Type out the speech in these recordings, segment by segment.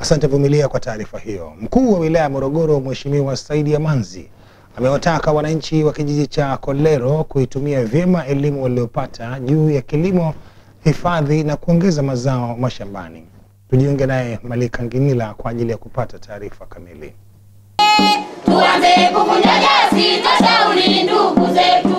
Asante Vumilia kwa taarifa hiyo. Mkuu wa wilaya ya Morogoro Mheshimiwa Saidi Amanzi amewataka wananchi wa kijiji cha Kolero kuitumia vyema elimu waliopata juu ya kilimo, hifadhi na kuongeza mazao mashambani. Tujiunge naye Malika Nginila kwa ajili ya kupata taarifa kamili. Tuanze kuvunja jasi, tashauri ndugu zetu.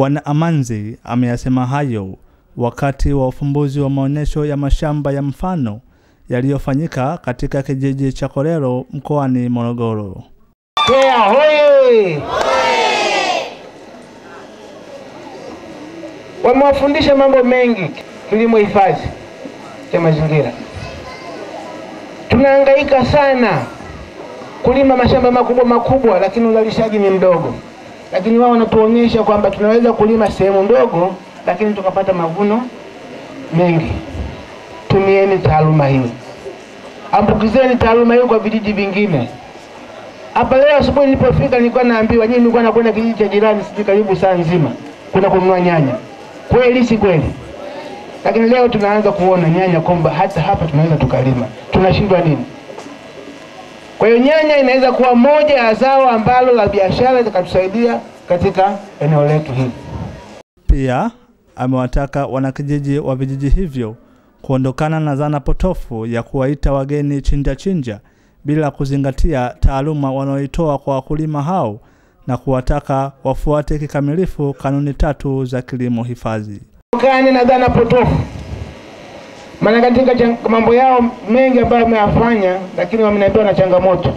Bwana Amanzi ameyasema hayo wakati wa ufumbuzi wa maonyesho ya mashamba ya mfano yaliyofanyika katika kijiji cha korero mkoani Morogoro. Mbeya Wamewafundisha mambo mengi, kilimo hifadhi ya mazingira. Tunahangaika sana kulima mashamba makubwa makubwa, lakini uzalishaji ni mdogo lakini wao wanatuonyesha kwamba tunaweza kulima sehemu ndogo, lakini tukapata mavuno mengi. Tumieni taaluma hii, ambukizeni taaluma hii kwa vijiji vingine. Hapa leo asubuhi nilipofika, nilikuwa naambiwa nyinyi, nilikuwa nakwenda kijiji cha jirani, sijui karibu saa nzima kwenda kununua nyanya. Kweli si kweli? Lakini leo tunaanza kuona nyanya kwamba hata hapa tunaweza tukalima. Tunashindwa nini? Kwa hiyo nyanya inaweza kuwa moja ya zao ambalo la biashara zikatusaidia katika eneo letu hili. Pia amewataka wanakijiji wa vijiji hivyo kuondokana na zana potofu ya kuwaita wageni chinja chinja bila kuzingatia taaluma wanaoitoa kwa wakulima hao na kuwataka wafuate kikamilifu kanuni tatu za kilimo hifadhi. Kani na dhana potofu maana katika mambo yao mengi ambayo wameyafanya, lakini wamenambiwa na changamoto.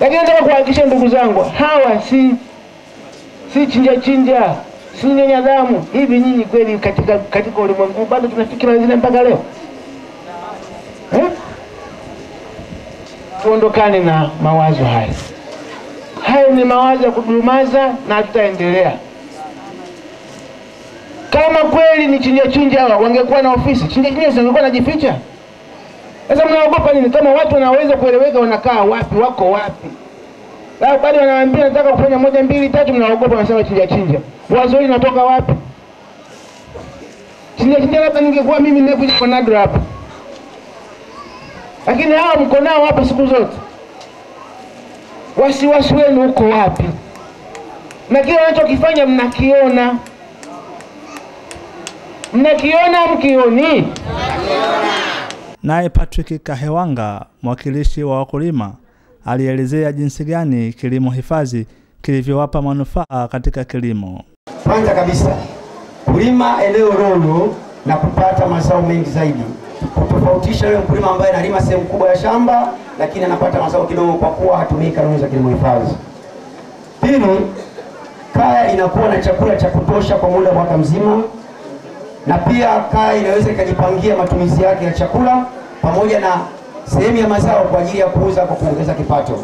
Lakini nataka kuhakikisha ndugu zangu, hawa si si chinja chinja, si nyenye damu. Hivi nyinyi kweli katika, katika ulimwengu bado tunafikira zile mpaka leo eh? Tuondokane na mawazo haya, hayo ni mawazo ya kudumaza na tutaendelea kweli ni chinja chinja hawa wangekuwa na ofisi, chinja chinja zingekuwa najificha. Sasa mnaogopa nini? Kama watu wanaweza kueleweka, wanakaa wapi, wako wapi? Lao bado wanaambia nataka kufanya moja mbili tatu, mnaogopa, wanasema chinja chinja. Wazo hili natoka wapi? Chinja chinja, labda ningekuwa mimi nimekuja kwa nadra hapa, lakini hawa mko nao hapa siku zote. Wasiwasi wenu uko wapi? Na kile wanachokifanya mnakiona. Mnakiona mkioni? Naye Patrick Kahewanga, mwakilishi wa wakulima, alielezea jinsi gani kilimo hifadhi kilivyowapa manufaa katika kilimo. Kwanza kabisa kulima eneo lolo na kupata mazao mengi zaidi, kutofautisha yule mkulima ambaye analima sehemu kubwa ya shamba lakini anapata mazao kidogo kwa kuwa hatumii kanuni za kilimo hifadhi. Pili, kaya inakuwa na chakula cha kutosha kwa muda mwaka mzima na pia kaya inaweza ikajipangia matumizi yake ya chakula pamoja na sehemu ya mazao kwa ajili ya kuuza kwa kuongeza kipato.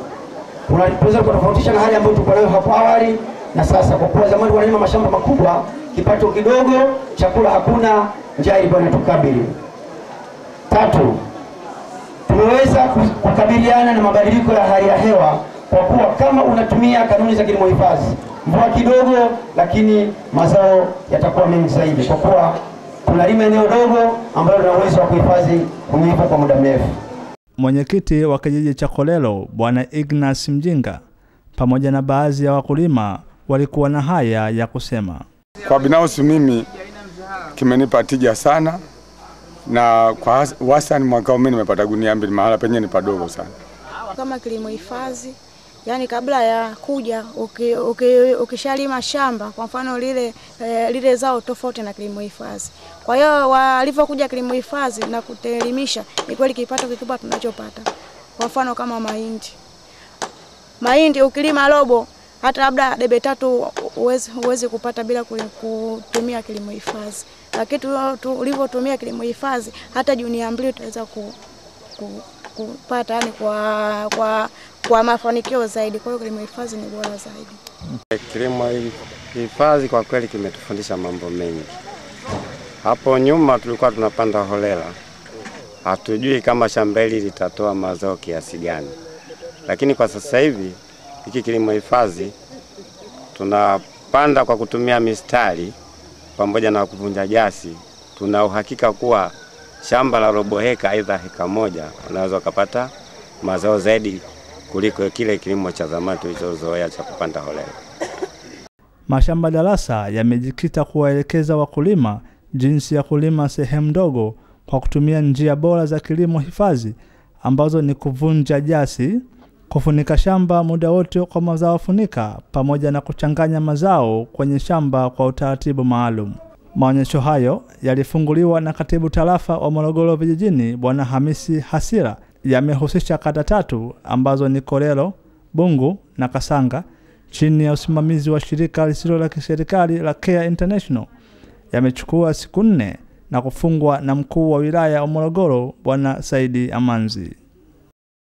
Unaweza kutofautisha na hali ambayo tulikuwa nayo hapo awali na sasa, kwa kuwa zamani wanalima mashamba makubwa, kipato kidogo, chakula hakuna, njaa ilikuwa inatukabili. Tatu, tumeweza kukabiliana na mabadiliko ya hali ya hewa kwa kuwa kama unatumia kanuni za kilimo hifadhi, mvua kidogo, lakini mazao yatakuwa mengi zaidi, kwa kuwa tunalima eneo dogo ambalo lina uwezo wa kuhifadhi unyevu kwa muda mrefu. Mwenyekiti wa kijiji cha Kolelo Bwana Ignas Mjinga pamoja na baadhi ya wakulima walikuwa na haya ya kusema. Kwa binafsi mimi kimenipa tija sana, na kwa wastani mwaka huu mimi nimepata gunia mbili, mahala penye ni padogo sana. Kama kilimo hifadhi yani kabla ya kuja ukishalima shamba kwa mfano lile, e, lile zao tofauti na kilimo hifadhi. Kwa hiyo walivyokuja kilimo hifadhi na kutelimisha, ni kweli kipato kikubwa tunachopata. Kwa mfano kama mahindi, mahindi ukilima robo hata labda debe tatu huwezi uwezi kupata bila kutumia kilimo hifadhi, lakini tulivyotumia kilimo hifadhi hata juni ya mbili tutaweza ku, ku kupata yani kwa, kwa, kwa mafanikio zaidi. Kwa hiyo kilimo hifadhi ni bora zaidi. Kilimo hifadhi kwa kweli kimetufundisha mambo mengi. Hapo nyuma tulikuwa tunapanda holela, hatujui kama shamba hili litatoa mazao kiasi gani, lakini kwa sasa hivi hiki kilimo hifadhi tunapanda kwa kutumia mistari pamoja na kuvunja jasi, tuna uhakika kuwa shamba la robo heka, aidha heka moja, unaweza ukapata mazao zaidi kuliko kile kilimo cha zamani tulichozoea cha kupanda holela. Mashamba darasa yamejikita kuwaelekeza wakulima jinsi ya kulima sehemu ndogo kwa kutumia njia bora za kilimo hifadhi ambazo ni kuvunja jasi, kufunika shamba muda wote kwa mazao funika, pamoja na kuchanganya mazao kwenye shamba kwa utaratibu maalum. Maonyesho hayo yalifunguliwa na katibu tarafa wa Morogoro vijijini Bwana Hamisi Hasira. Yamehusisha kata tatu ambazo ni Kolero, Bungu na Kasanga chini ya usimamizi wa shirika lisilo la kiserikali la Care International. Yamechukua siku nne na kufungwa na mkuu wa wilaya wa Morogoro Bwana Saidi Amanzi.